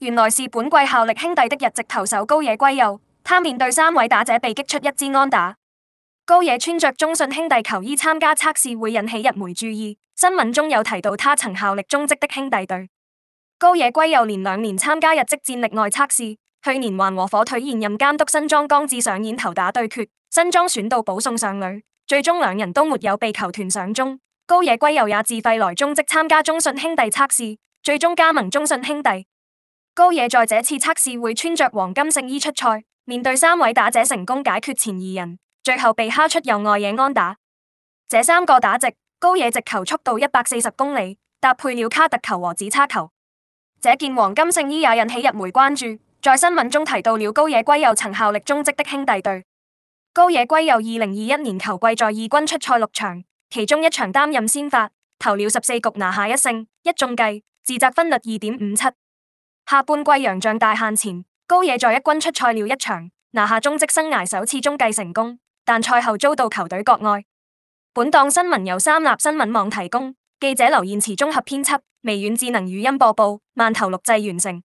原來是本季效力兄弟的日籍投手高野圭佑，他面對三位打者被擊出一支安打。高野穿着中信兄弟球衣參加測試會引起日媒注意，新聞中有提到他曾效力中職的兄弟隊。高野圭佑連兩年參加日職戰力外測試，去年還和火腿現任監督新莊剛志上演投打對決，新莊選到保送上壘，最終兩人都沒有被球團上中。高野圭佑也自費來中職參加中信兄弟測試，最終加盟中信兄弟。高野在這次測試會穿着黃金聖衣出賽，面對三位打者成功解決前二人，最後被敲出右外野安打。這三個打直，高野直球速度一百四十公里，搭配了卡特球和指叉球。這件黃金聖衣也引起日媒關注，在新聞中提到了高野圭佑曾效力中職的兄弟隊。高野圭佑二零二一年球季在二軍出賽六場，其中一場擔任先發，投了十四局拿下一勝，一中計，自責分率二點五七。下半季洋將大限前，高野在一軍出賽了一場，拿下中職生涯首次中繼成功，但賽後遭到球隊割愛。本檔新聞由三立新聞網提供，記者劉燕慈綜合編輯，微軟智能語音播報，曼頭錄製完成。